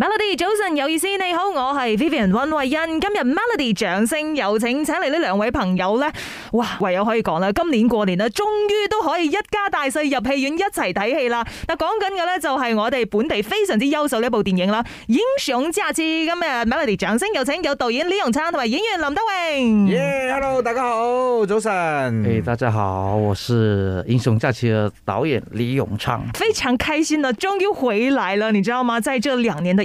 Melody 早晨有意思，你好，我係 Vivian 溫慧欣。今日 Melody 掌聲有請，請嚟呢兩位朋友呢。哇，唯有可以講啦，今年過年啦，終於都可以一家大細入戲院一齊睇戲啦。嗱，講緊嘅呢，就係我哋本地非常之優秀呢一部電影啦，《英雄假期》。今日 Melody 掌聲有請，有導演李勇昌同埋演員林德榮。耶、yeah, hello 大家好，早晨。誒，hey, 大家好，我是《英雄假期》嘅導演李勇昌，非常開心啦、啊，終於回來了，你知道嗎？在這兩年的。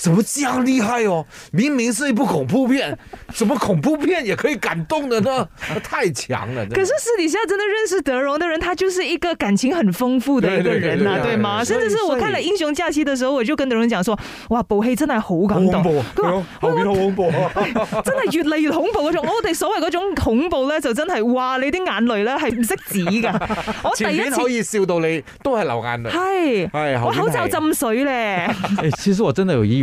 怎麼這樣厲害哦？明明是一部恐怖片，怎麼恐怖片也可以感動的呢？太強了！ 可是私底下真的認識德榮的人，他就是一個感情很豐富的一個人啊，對嗎？甚至是我看了《英雄假期》的時候，我就跟德榮講說：哇，部戲真係好感動，後面好恐怖，真係越嚟越恐怖嗰種。我哋所謂嗰種恐怖呢，就真係哇，你啲眼淚呢係唔識止噶。我第一次可以笑到你都係流眼淚，係係是，我口罩浸水咧，其實我真係有意。